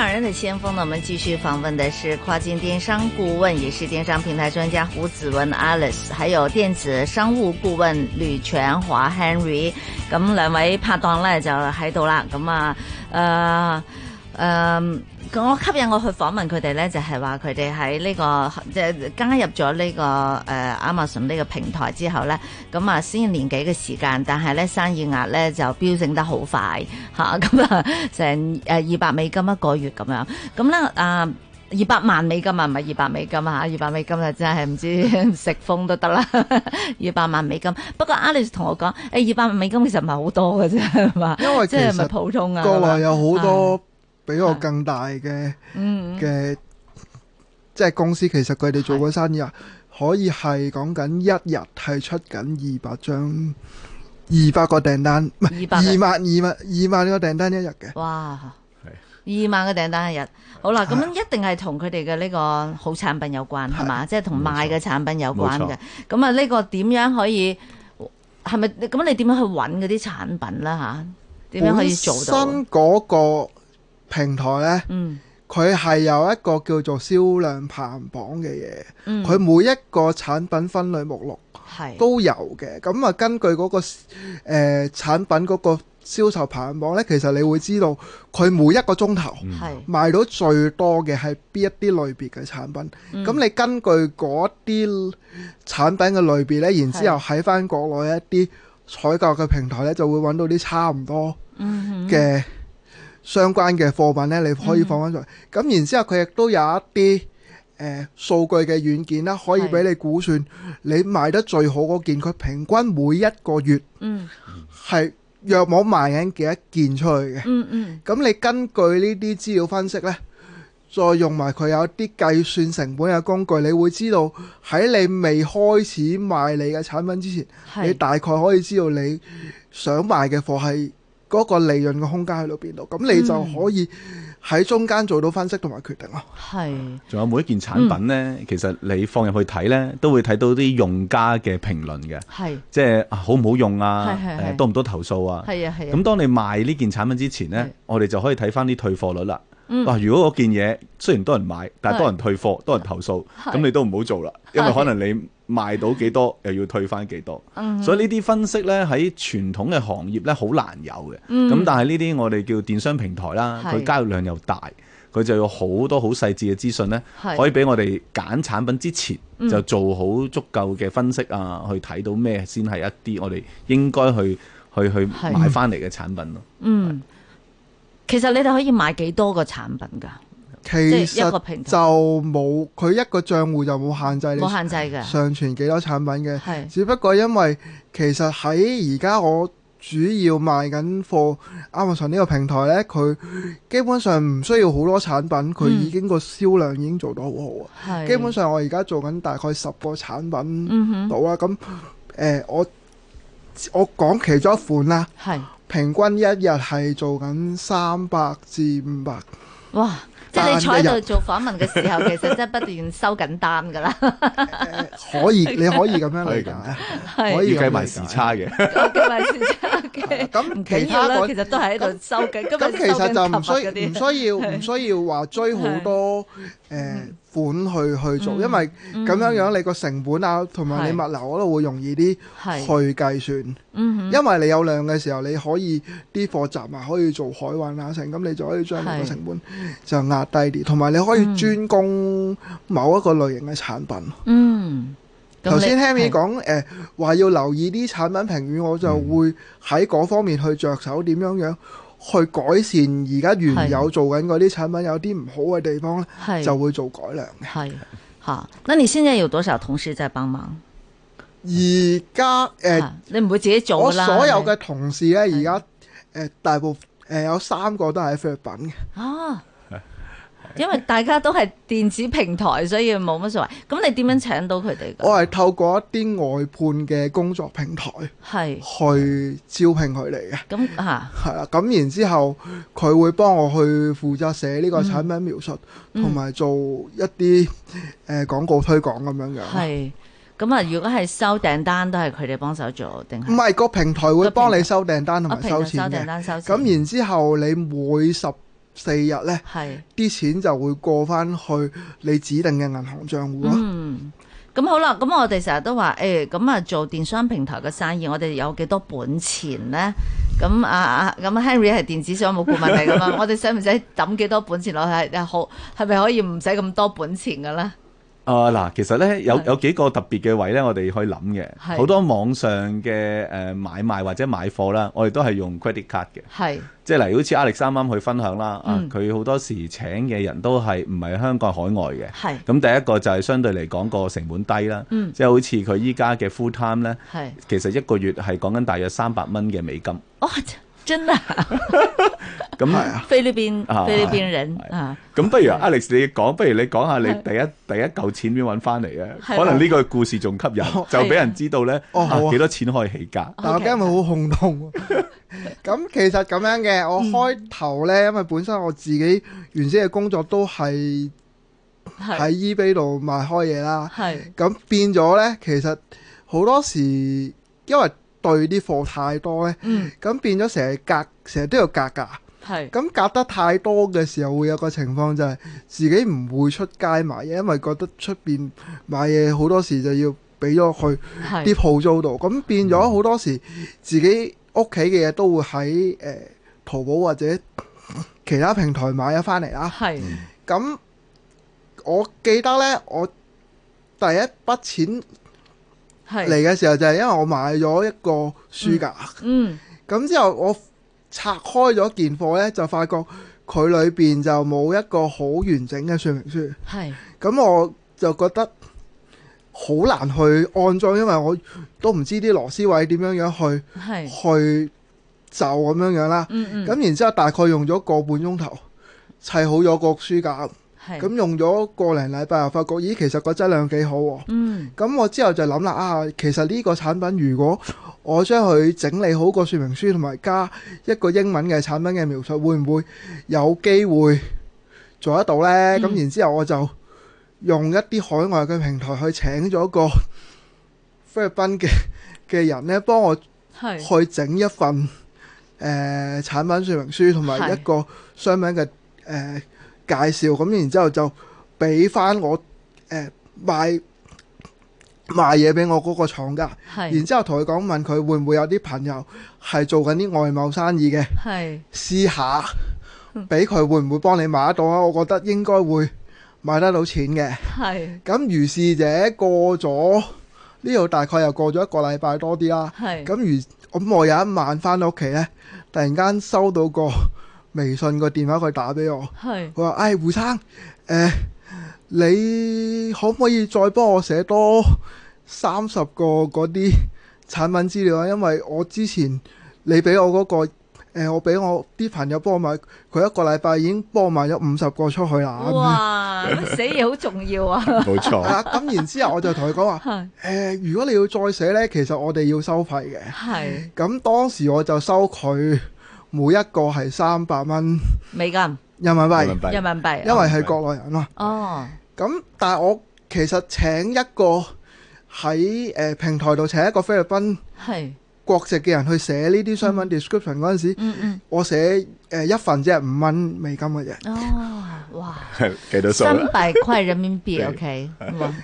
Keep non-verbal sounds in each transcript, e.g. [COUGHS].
商人的先鋒呢？我們繼續訪問的是跨境電商顧問，也是電商平台專家胡子文 Alice，還有電子商務顧問呂全華 Henry。咁兩位拍檔咧，就喺度啦。咁啊，誒、呃、誒。呃我吸引我去訪問佢哋咧，就係話佢哋喺呢個即係、即係、加入咗呢、呢個誒、呃、Amazon 呢個平台之後咧，咁啊先年幾嘅時間，但係咧生意額咧就飆升得好快吓咁啊，啊成二百、呃、美金一個月咁樣，咁咧啊二百萬美金啊，唔係二百美金啊，二百美金啊真係唔知 [LAUGHS] 食風都得啦，二 [LAUGHS] 百萬美金。不過 Alice 同我講，誒二百萬美金其實唔係好多嘅啫，係嘛？因為係係普通多啊國內有好多。俾個更大嘅嘅，即係、嗯嗯就是、公司，其實佢哋做嘅生意啊，是可以係講緊一日係出緊二百張、二百個訂單，二百二萬、二萬的、二萬個訂單一日嘅。哇，係二萬個訂單一日。好啦，咁是一定係同佢哋嘅呢個好產品有關，係嘛是？即係同賣嘅產品有關嘅。咁啊錯，呢個點樣可以？係咪咁？你點樣去揾嗰啲產品啦？嚇，點樣可以做到？新嗰、那個。平台呢，佢係、嗯、有一個叫做銷量排行榜嘅嘢，佢、嗯、每一個產品分類目錄都有嘅。咁啊是，咁根據嗰、嗰個誒、呃、產品嗰個銷售排行榜呢，其實你會知道佢每一個鐘頭賣到最多嘅係邊一啲類別嘅產品。咁、嗯、你根據嗰啲產品嘅類別呢，嗯、然之後喺翻國內一啲採購嘅平台呢，是就會揾到啲差唔多嘅。相關嘅貨品呢，你可以放翻出嚟。咁、嗯、然之後，佢亦都有一啲誒數據嘅軟件啦，可以俾你估算你賣得最好嗰件，佢平均每一個月係約網賣緊幾多件出去嘅、嗯。嗯嗯。咁你根據呢啲資料分析呢，再用埋佢有啲計算成本嘅工具，你會知道喺你未開始賣你嘅產品之前，嗯、你大概可以知道你想賣嘅貨係。嗰個利潤嘅空間喺度邊度，咁你就可以喺中間做到分析同埋決定咯。仲、嗯、有每一件產品呢，嗯、其實你放入去睇呢，都會睇到啲用家嘅評論嘅。係即係好唔好用啊？係係係，多唔多投訴啊？係啊係。咁當你賣呢件產品之前呢，係我哋就可以睇翻啲退貨率啦。哇！嗯、如果嗰件嘢雖然多人買，但係多人退貨、是多人投訴，咁是你都唔好做啦，因為可能你賣到幾多，又要退翻幾多。是所以呢啲分析呢，喺傳統嘅行業呢，好難有嘅。咁、嗯、但係呢啲我哋叫電商平台啦，佢交易量又大，佢就有好多好細緻嘅資訊呢，是可以俾我哋揀產品之前就做好足夠嘅分析啊，嗯、去睇到咩先係一啲我哋應該去去去買翻嚟嘅產品咯。嗯。其實你哋可以買幾多個產品噶？其實就冇，佢一個賬戶就冇限制你，冇限制嘅上傳幾多產品嘅。係，只不過因為其實喺而家我主要賣緊貨，Amazon 呢個平台呢，佢基本上唔需要好多產品，佢已經個銷量已經做得好好啊。嗯、基本上我而家做緊大概十個產品到啦。咁、嗯哼呃，我我講其中一款啦。係。平均一日係做緊三百至五百。哇！即係你坐喺度做訪問嘅時候，其實真係不斷收緊單噶啦。可以，你可以咁樣嚟計，可以計埋時差嘅。計埋時差，咁其他其實都喺度收緊。咁其實就唔需唔需要唔需要話追好多誒。款去去做，嗯、因為咁樣樣，你個成本啊，同埋、嗯、你物流嗰度、啊、是都會容易啲去計算。嗯、因為你有量嘅時候，你可以啲貨集啊可以做海運啊，成咁你就可以將個成本就壓低啲，同埋、嗯、你可以專攻某一個類型嘅產品。嗯，頭先聽你講誒話要留意啲產品評語，我就會喺嗰方面去着手點、嗯、樣樣。去改善而家原有做緊嗰啲產品的有啲唔好嘅地方咧，就會做改良嘅。係嚇，那你現在有多少同事在幫忙？而家誒，你唔會自己做啦。我所有嘅同事呢，而家的、呃、大部分、呃、有三個都係菲律賓嘅。啊！因為大家都係電子平台，所以冇乜所謂。咁你點樣請到佢哋噶？我係透過一啲外判嘅工作平台，係去招聘佢哋嘅。咁係啦。咁、啊、然之後佢會幫我去負責寫呢個產品描述，同埋、嗯嗯、做一啲誒廣告推廣咁樣樣。係咁啊！如果係收訂單，都係佢哋幫手做，定係唔係個平台會幫你收訂單同埋收錢嘅？收訂單收錢。咁然之後你每十四日咧，啲係錢就會過翻去你指定嘅銀行賬戶咯。嗯，咁好啦，咁我哋成日都話，誒、欸，咁啊做電商平台嘅生意，我哋有幾多,、啊、 [LAUGHS] 多,多本錢咧？咁啊，咁 Henry 係電子商務顧問嚟噶嘛？我哋使唔使揼幾多本錢落去？好，係咪可以唔使咁多本錢噶咧？啊嗱，其實咧有有幾個特別嘅位咧，我哋可以諗嘅，好是多網上嘅誒、呃、買賣或者買貨啦，我哋都係用 credit card 嘅，是即係例如好似阿力啱啱去分享啦，佢好、嗯啊、多時請嘅人都係唔係香港，海外嘅，咁是第一個就係相對嚟講個成本低啦，即係、嗯、好似佢依家嘅 full time 咧，是其實一個月係講緊大約三百蚊嘅美金，哇、哦，真啊！ [LAUGHS] 咁啊！菲律賓啊，菲律賓人啊。咁不如 Alex 你講不如你講下你第一第一嚿錢點搵翻嚟嘅？可能呢個故事仲吸引，就俾人知道咧，幾多錢可以起價。但我驚咪好轟動。咁其實咁樣嘅，我開頭咧，因為本身我自己原先嘅工作都係喺 eBay 度賣開嘢啦。係咁變咗咧，其實好多時因為對啲貨太多咧，咁變咗成日格，成日都有格價。係咁夾得太多嘅時候，會有個情況就係自己唔會出街買嘢，因為覺得出邊買嘢好多時就要俾咗佢啲鋪租度，咁變咗好多時自己屋企嘅嘢都會喺誒淘寶或者其他平台買咗翻嚟啦。係咁我記得呢，我第一筆錢嚟嘅時候就係因為我買咗一個書架。嗯，咁之後我。拆開咗件貨呢，就發覺佢裏邊就冇一個好完整嘅說明書。咁是我就覺得好難去安裝，因為我都唔知啲螺絲位點樣樣去是去就咁樣嗯嗯樣啦。咁然之後大概用咗個半鐘頭砌好咗個書架。咁是用咗個零禮拜又發覺，咦，其實個質量幾好啊。喎、嗯。咁我之後就諗啦，啊，其實呢個產品如果我將佢整理好個說明書，同埋加一個英文嘅產品嘅描述，會唔會有機會做得到呢？嗯」咁然之後我就用一啲海外嘅平台去請咗個菲律賓嘅嘅人咧，幫我去整一份誒是、呃、產品說明書同埋一個商品嘅誒。是呃介紹咁，然之後就俾翻我誒賣賣嘢俾我嗰個廠家，是然之後同佢講問佢會唔會有啲朋友係做緊啲外貿生意嘅，係是。試下俾佢會唔會幫你買得到啊？嗯、我覺得應該會賣得到錢嘅。係是。咁如是者過咗呢度大概又過咗一個禮拜多啲啦。咁是如咁我有一晚翻到屋企咧，突然間收到個微信個電話佢打俾我，佢話是：，唉、哎，胡生，誒、呃，你可唔可以再幫我寫多三十個嗰啲產品資料啊？因為我之前你俾我嗰，那個，誒、呃，我俾我啲朋友幫我買，佢一個禮拜已經幫埋咗幫我買咗五十個出去啦。哇，寫嘢、嗯、 [LAUGHS] 好重要啊！冇 [LAUGHS] 錯、啊，咁然之後我就同佢講話：，誒、 [LAUGHS] 呃，如果你要再寫呢，其實我哋要收費嘅。係是，咁 [LAUGHS] 當時我就收佢。每一個係三百蚊，美金？人民幣、人民幣，因為係國內人咯。哦，咁但係我其實請一個喺平台度請一個菲律賓國籍嘅人去寫呢啲商品 description 嗰陣時，我寫誒一份即係五蚊美金嘅嘢。哦，哇！幾多數啦？三百係人民幣，OK。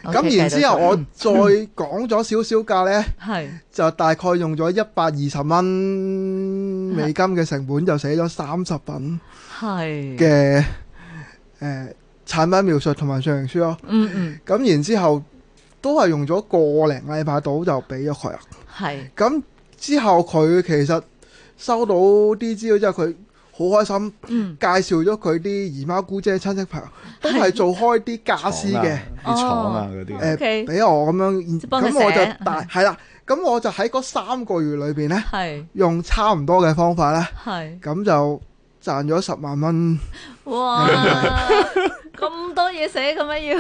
咁然之後我再講咗少少價呢，係就大概用咗一百二十蚊美金嘅成本，就寫咗三十品係嘅誒產品描述同埋說明書咯。嗯嗯。咁然之後都係用咗個零禮拜度就俾咗佢啦。係。咁。之後佢其實收到啲資料之後，佢好開心，介紹咗佢啲姨媽姑姐親戚朋友、嗯、都係做開啲傢俬嘅啲廠啊嗰啲，誒俾我咁樣，咁我就大係啦，咁我就喺嗰三個月裏面呢，用差唔多嘅方法呢，咁就賺咗十萬蚊，哇。咁多嘢寫咁樣要，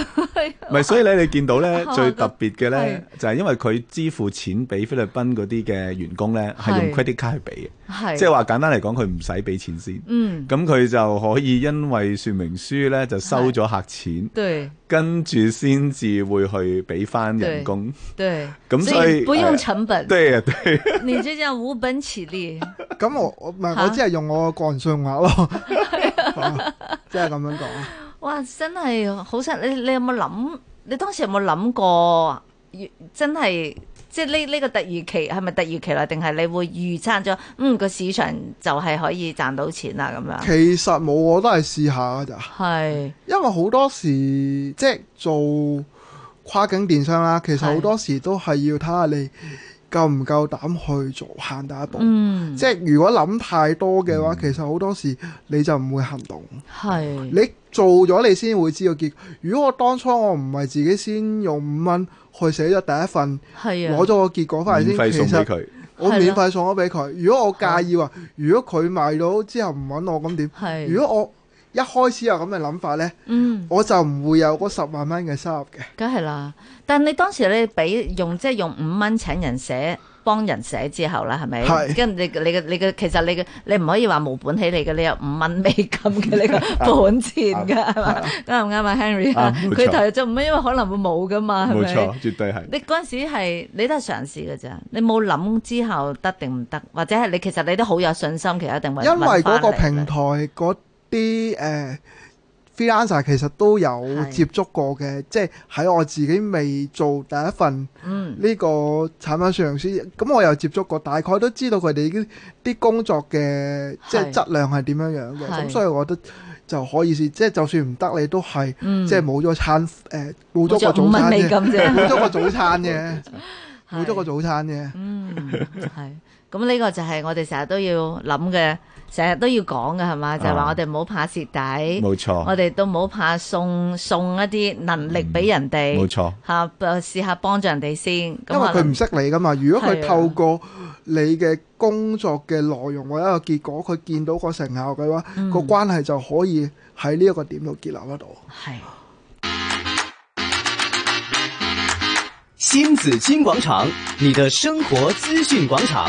唔係所以咧，你見到咧最特別嘅咧，就係因為佢支付錢俾菲律賓嗰啲嘅員工咧，係用 credit card 去俾，即係話簡單嚟講，佢唔使俾錢先，咁佢就可以因為說明書咧就收咗客錢，跟住先至會去俾翻人工，咁所以不用成本，對啊對，你即係無本起利，咁我我唔係我只係用我個人信用卡咯，即係咁樣講。哇！真係好犀，你你有冇諗？你當時有冇諗過？真係即係呢呢個突如其來，係咪突如其來？定係你會預測咗？嗯，個市場就係可以賺到錢啦咁樣。其實冇，我都係試下咋。係是，因為好多時即係做跨境電商啦，其實好多時都係要睇下你夠唔夠膽去做下第一步。是嗯、即係如果諗太多嘅話，嗯、其實好多時你就唔會行動。係是，你。做咗你先會知道結果。如果我當初我唔係自己先用五蚊去寫咗第一份，攞咗個結果翻嚟先，其實我免費送咗俾佢。啊、如果我介意話，啊、如果佢買到之後唔揾我咁點？那麼啊、如果我一開始有咁嘅諗法咧，嗯，我就唔會有嗰十萬蚊嘅收入嘅。梗係啦，但係你當時你俾用即係用五蚊請人寫幫人寫之後啦，係咪？跟住是你你嘅你嘅其實你嘅你唔可以話冇本起嚟嘅，你有五蚊美金嘅你個本錢嘅，啱唔啱啊，Henry？佢投入咗五蚊，因為可能會冇噶嘛。冇錯，絕對係。你嗰陣時係你都係嘗試嘅咋，你冇諗之後得定唔得，或者係你其實你都好有信心，其實一定會運翻嚟。因為嗰個平台啲誒 freelancer 其實都有接觸過嘅，即係喺我自己未做第一份呢個產品上師，咁我又接觸過，大概都知道佢哋啲啲工作嘅即係質量係點樣樣嘅，咁所以我覺得就可以試即係就算唔得你都係，即係冇咗餐誒冇咗個早餐，冇咗個早餐啫，冇咗個早餐啫，嗯，係。咁呢個就係我哋成日都要諗嘅，成日都要講嘅係嘛？啊、就係話我哋唔好怕蝕底，冇錯錯。我哋都唔好怕送送一啲能力俾人哋，冇錯吓，試、啊、下幫助人哋先。因為佢唔識你噶嘛，如果佢透過你嘅工作嘅內容或者一個結果，佢的見到個成效嘅話，個、嗯、關係就可以喺呢一個點度建立得到。係的。仙子金廣場，你的生活資訊廣場。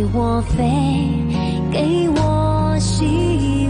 給我飛，給我希望。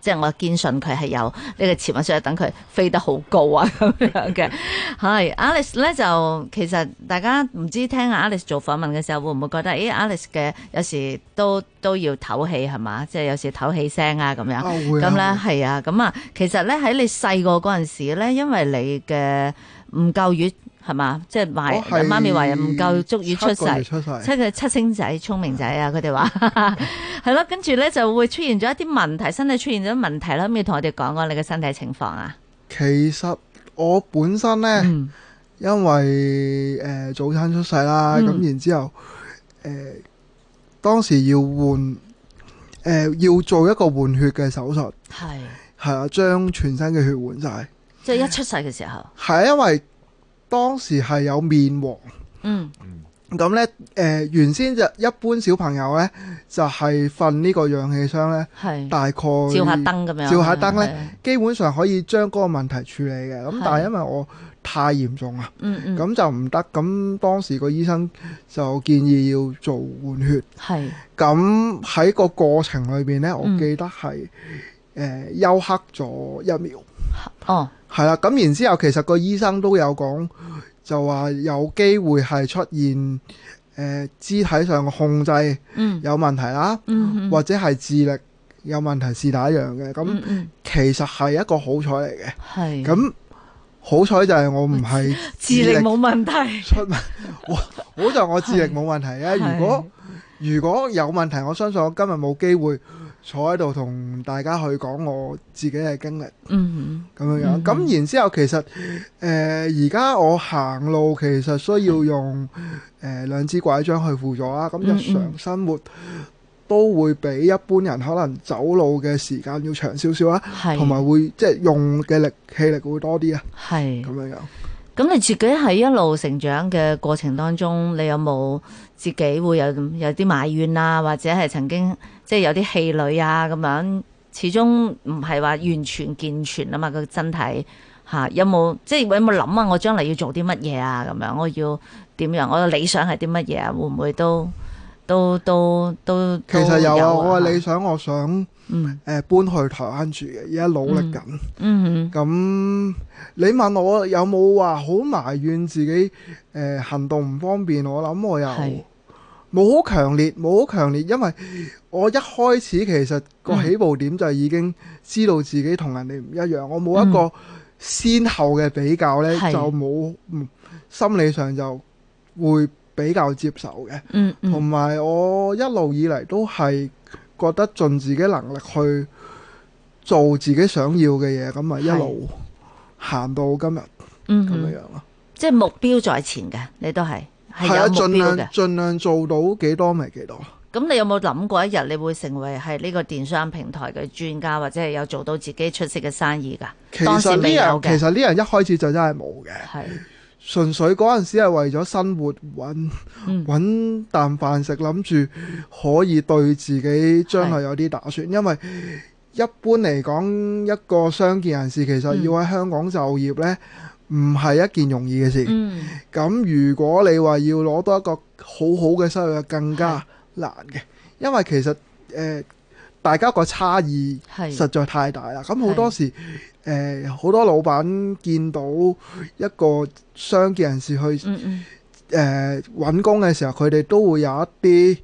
即係我堅信佢係有呢個潛質，等佢飛得好高啊咁樣嘅。 [LAUGHS] 係 Alice 咧，就其實大家唔知聽阿 Alice 做訪問嘅時候會唔會覺得，誒、欸、Alice 嘅有時都都要唞氣係嘛？即係有時唞氣聲啊咁樣，咁咧係啊咁啊，啊。其實咧喺你細個嗰陣時咧，因為你嘅唔夠月。係嘛？即係媽咪懷孕唔夠足以出世，七個月出世，七星仔聰是的 明仔啊！佢哋話係咯，跟住咧就會出現咗一啲問題，身體出現咗問題啦。可唔可以同我哋講講你嘅身體情況啊？其實我本身咧，嗯、因為誒、呃、早產出世啦，咁、嗯、然之後誒、呃、當時要換誒、呃、要做一個換血嘅手術，係係啊，將全身嘅血換晒，即係一出世嘅時候，係因為。當時係有面黃，嗯，咁咧，誒、呃，原先就一般小朋友咧，就係瞓呢個氧氣箱咧，是大概照下燈咁樣，照下燈咧，是的 基本上可以將嗰個問題處理嘅。咁是的 但係因為我太嚴重喇，咁是的 就唔得。咁當時個醫生就建議要做換血，係。咁喺個過程裏面咧，嗯、我記得係誒、呃、休克咗一秒。哦。係啦，咁然之後，其實個醫生都有講，嗯、就話有機會係出現誒、呃、肢體上嘅控制有問題啦，嗯、或者係智力有問題是打樣嘅？咁、嗯嗯、其實係一個好彩嚟嘅。係咁好彩就係我唔係智力冇問題，出問好在 [LAUGHS] 是我，我智力冇問題啊！是如果的如果有問題，我相信我今日冇機會。坐喺度同大家去講我自己嘅經歷，咁樣、嗯、哼樣。咁、嗯、哼然之後，其實誒而家我行路其實需要用誒兩支拐杖去輔助啦。咁日常生活都會比一般人可能走路嘅時間要長少少啊，同埋是會即係用嘅力氣力會多啲啊。係咁樣樣。咁你自己喺一路成長嘅過程當中，你有冇自己會有有啲埋怨啊？或者係曾經？即係有啲氣餒啊咁樣，始終唔係話完全健全啊嘛個身體嚇，有冇即係有冇諗啊？我將嚟要做啲乜嘢啊？咁樣我要點樣？我嘅理想係啲乜嘢啊？會唔會都都都都？其實有啊，我嘅理想我想，誒搬去台灣住嘅，而家、嗯、努力緊、嗯。嗯咁、嗯、你問我有冇話好埋怨自己？誒行動唔方便，我諗我又。冇好強烈，冇好強烈，因為我一開始其實個起步點就已經知道自己同人哋唔一樣，嗯、我冇一個先後嘅比較呢就冇是心理上就會比較接受嘅。同埋、嗯嗯、我一路以嚟都係覺得盡自己能力去做自己想要嘅嘢，咁啊是一路行到今日，咁樣咯。即係目標在前嘅，你都係。係啊，盡量盡量做到幾多咪幾多。咁你有冇諗過一日你會成為係呢個電商平台嘅專家，或者係有做到自己出色嘅生意㗎？其實呢樣其實呢樣一開始就真係冇嘅，係純的粹嗰陣時係為咗生活搵搵啖飯食，諗住、嗯、可以對自己將來有啲打算。的因為一般嚟講，一個商界人士其實要喺香港就業呢。嗯唔係一件容易嘅事。咁、嗯、如果你話要攞到一個好好嘅收入，更加難嘅。是因為其實誒、呃、大家個差異係實在太大啦。咁好是多時誒好是、呃、多老闆見到一個商健人士去誒搵、嗯嗯呃、工嘅時候，佢哋都會有一啲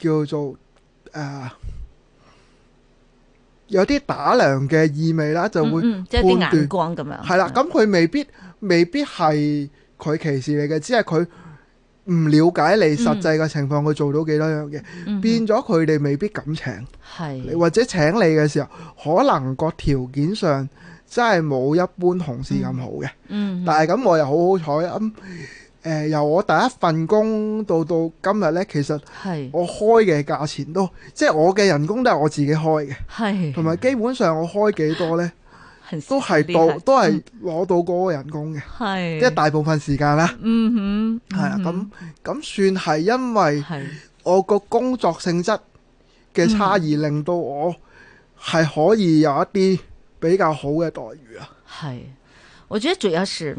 叫做誒。呃有啲打量嘅意味啦，就會即係啲眼光咁樣。係啦，咁佢未必未必係佢歧視你嘅，只係佢唔了解你實際嘅情況，佢做到幾多樣嘢，變咗佢哋未必敢請，或者請你嘅時候，可能個條件上真係冇一般同事咁好嘅。嗯，但係咁我又好好彩啊！誒、呃、由我第一份工到到今日呢，其實我開嘅價錢都是即係我嘅人工都係我自己開嘅，同埋是基本上我開幾多呢，小都係到害都係攞到嗰個人工嘅，是即係大部分時間啦嗯。嗯哼，係啊，咁咁算係因為我個工作性質嘅差異是令到我係可以有一啲比較好嘅待遇啊。係，我覺得主要是。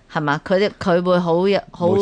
係嘛？佢佢會好好，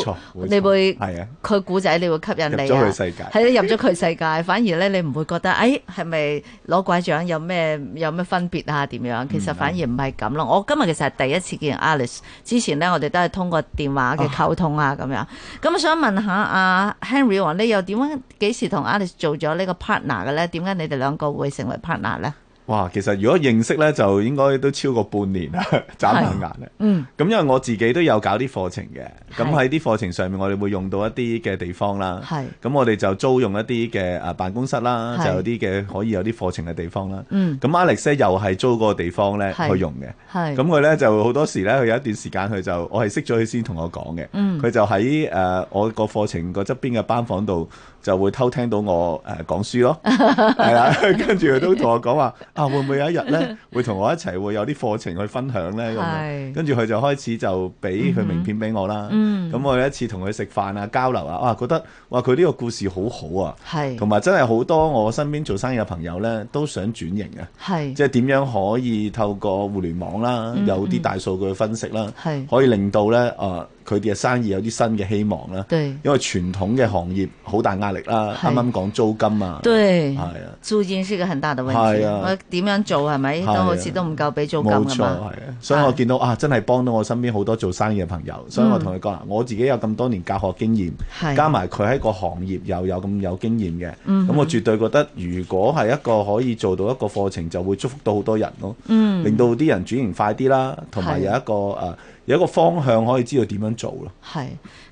你會佢古仔，啊、你會吸引你啊！入咗佢世界，啊，入咗佢世界。 [LAUGHS] 反而咧，你唔會覺得，哎，係咪攞拐杖有咩有咩分別啊？點樣？其實反而唔係咁咯。嗯啊、我今日其實係第一次見 Alice，之前咧我哋都係通過電話嘅溝通啊咁、哦、樣。咁我想問下阿、啊、Henry 王，你又點樣幾時同 Alice 做咗呢個 partner 嘅咧？點解你哋兩個會成為 partner 咧？哇，其實如果認識咧，就應該都超過半年啦，眨眼眼。嗯。咁因為我自己都有搞啲課程嘅，咁喺啲課程上面，我哋會用到一啲嘅地方啦。咁是我哋就租用一啲嘅啊辦公室啦，是就有啲嘅可以有啲課程嘅地方啦。嗯。咁 Alex 又係租個地方咧是去用嘅。咁佢咧就好多時咧，佢有一段時間佢就我係識咗佢先同我講嘅。嗯。佢就喺誒、呃、我個課程個側邊嘅班房度。就會偷聽到我誒、呃、講書咯， [LAUGHS] 啊、跟住佢都同我講話啊，會唔會有一日咧會同我一齊會有啲課程去分享咧咁？跟住佢就開始就俾佢名片俾我啦。咁、嗯嗯、我有一次同佢食飯啊交流啊，哇、啊，覺得哇佢呢個故事好好啊，同埋是真係好多我身邊做生意嘅朋友咧都想轉型嘅，是即係點樣可以透過互聯網啦，嗯、有啲大數據分析啦，嗯、是可以令到咧啊。呃佢哋嘅生意有啲新嘅希望啦，因為傳統嘅行業好大壓力啦，啱啱講租金啊，係啊，租金係一個很大的問題。我點樣做係咪都好似都唔夠俾租金啊嘛？所以，我見到啊，真係幫到我身邊好多做生意嘅朋友。所以我同佢講，我自己有咁多年教學經驗，加埋佢喺個行業又有咁有經驗嘅，咁我絕對覺得，如果係一個可以做到一個課程，就會祝福到好多人咯，令到啲人轉型快啲啦，同埋有一個啊。有一個方向可以知道點樣做咯。係，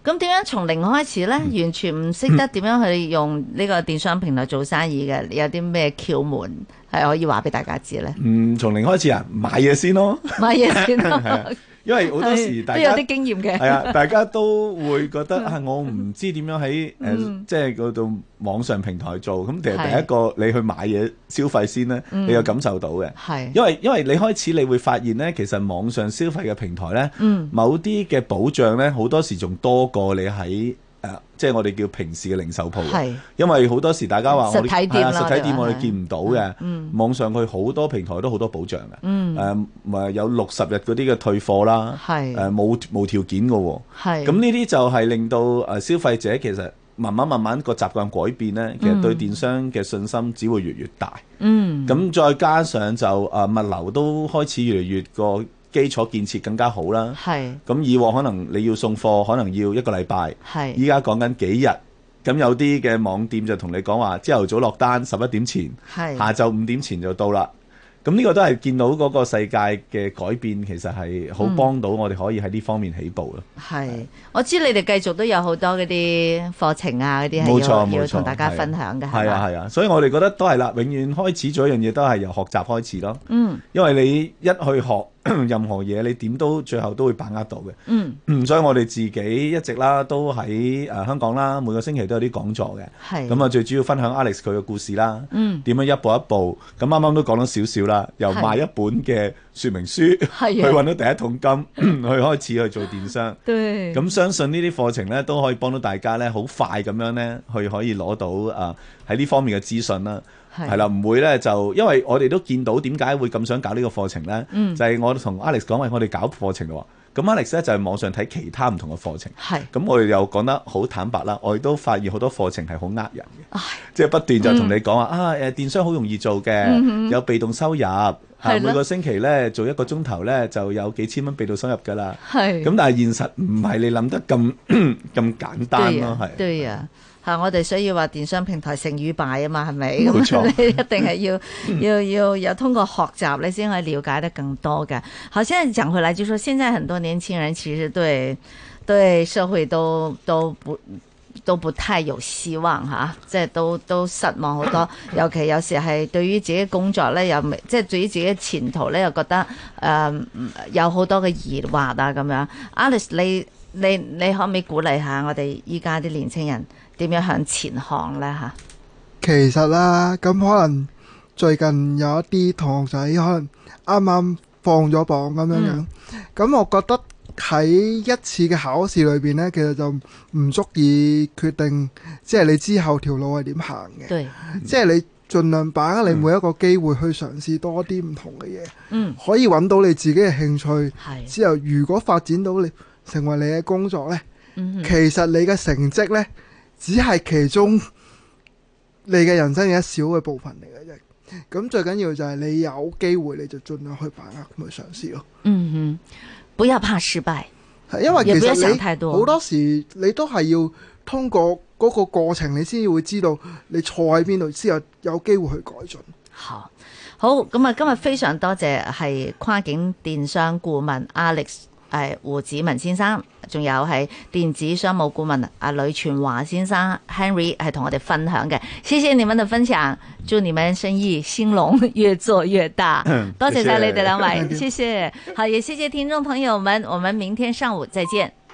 咁點樣從零開始呢？嗯、完全唔識得點樣去用呢個電商平台做生意嘅，有啲咩竅門係可以話俾大家知呢？嗯，從零開始啊，買嘢先咯，買嘢先咯。 [LAUGHS] 因為好多時大家都有啲經驗嘅，係啊，大家都會覺得 [LAUGHS] 啊，我唔知點樣喺誒、嗯呃，即係嗰度網上平台做，咁其實第一個你去買嘢消費先啦，嗯、你有感受到嘅。係、嗯，因為因為你開始你會發現咧，其實網上消費嘅平台咧，嗯、某啲嘅保障咧，好多時仲多過你喺。誒、啊，即係我哋叫平時嘅零售鋪，是因為好多時大家話我係啊實體店，啊、實體店我哋見唔到嘅。嗯、網上去，好多平台都好多保障嘅，誒、嗯，話、啊、有六十日嗰啲嘅退貨啦，誒冇是、啊、無，無條件嘅喎。咁呢啲就係令到誒消費者其實慢慢慢慢個習慣改變呢、嗯、其實對電商嘅信心只會越來越大。咁、嗯啊、再加上就誒、啊、物流都開始越嚟越高。基礎建設更加好啦，咁是以往可能你要送貨，可能要一個禮拜，依家講緊幾日，咁有啲嘅網店就同你講話，朝頭早落單，十一點前，是下晝五點前就到啦。咁呢個都係見到嗰個世界嘅改變，其實係好幫到我哋可以喺呢方面起步啦。係、嗯，我知你哋繼續都有好多嗰啲課程啊，嗰啲係要錯要同大家分享嘅。係錯啊係啊，啊，啊，所以我哋覺得都係啦，永遠開始咗一樣嘢都係由學習開始咯。嗯，因為你一去學。任何嘢你點都最後都會把握到嘅。嗯， [COUGHS] 所以我哋自己一直啦，都喺誒、呃、香港啦，每個星期都有啲講座嘅。係是。咁啊，最主要分享 Alex 佢嘅故事啦。嗯。點樣一步一步？咁啱啱都講咗少少啦。由賣一本嘅說明書，係是 [LAUGHS] 去搵到第一桶金的， [COUGHS] 去開始去做電商。對。咁相信課呢啲課程咧，都可以幫到大家咧，好快咁樣咧，去可以攞到啊喺呢方面嘅資訊啦。係啦，唔會咧就，因為我哋都見到點解會咁想搞呢個課程咧，嗯、就係我同 Alex 講話，我哋搞課程嘅喎，咁 Alex 咧就係、是、網上睇其他唔同嘅課程，咁是我哋又講得好坦白啦，我亦都發現好多課程係好呃人嘅，唉即係不斷就同你講話啊誒、嗯啊、電商好容易做嘅，有被動收入。嗯吓，每個星期咧的做一個鐘頭咧，就有幾千蚊俾到收入噶啦。係的，咁但係現實唔係你諗得咁咁 [COUGHS] 簡單咯，係。對啊，吓的我哋所以話電商平台成與敗啊嘛，係咪？冇沒錯 [LAUGHS] 你一定係要要要，有通過學習你先可以了解得更多嘅。好，現在講回來，就係說現在很多年輕人其實對對社會都都不。都不太有希望吓、啊，即係都都失望好多。尤其有時係對於自己工作咧，又未即係對於自己嘅前途咧，又覺得誒、呃、有好多嘅疑惑啊咁樣。Alice 你你你可唔可以鼓勵下我哋依家啲年青人點樣向前行咧吓？其實啦，咁可能最近有一啲同學仔可能啱啱放咗榜咁樣樣，咁、嗯、我覺得。喺一次嘅考試裏邊呢，其實就唔足以決定，即係你之後條路係點行嘅。對即係你盡量把握你每一個機會、嗯、去嘗試多啲唔同嘅嘢。嗯、可以揾到你自己嘅興趣。的之後，如果發展到你成為你嘅工作呢，嗯、哼其實你嘅成績呢，只係其中你嘅人生嘅一小嘅部分嚟嘅啫。咁最緊要就係你有機會，你就盡量去把握，咁去嘗試咯。嗯哼。不要怕失敗，因為其實你不要想太多。好多，多時你都係要通過嗰個過程，你先會知道你錯喺邊度，之後有機會去改進。好，好，咁啊，今日非常多謝係跨境電商顧問 Alex。係、哎、胡子文先生，仲有係電子商務顧問阿呂傳華先生 Henry 係同我哋分享嘅，謝謝你們嘅分享。祝你們生意興隆，越做越大。 [LAUGHS] 多謝晒你哋兩位， [LAUGHS] 謝謝。好，也謝謝聽眾朋友們，我們明天上午再見。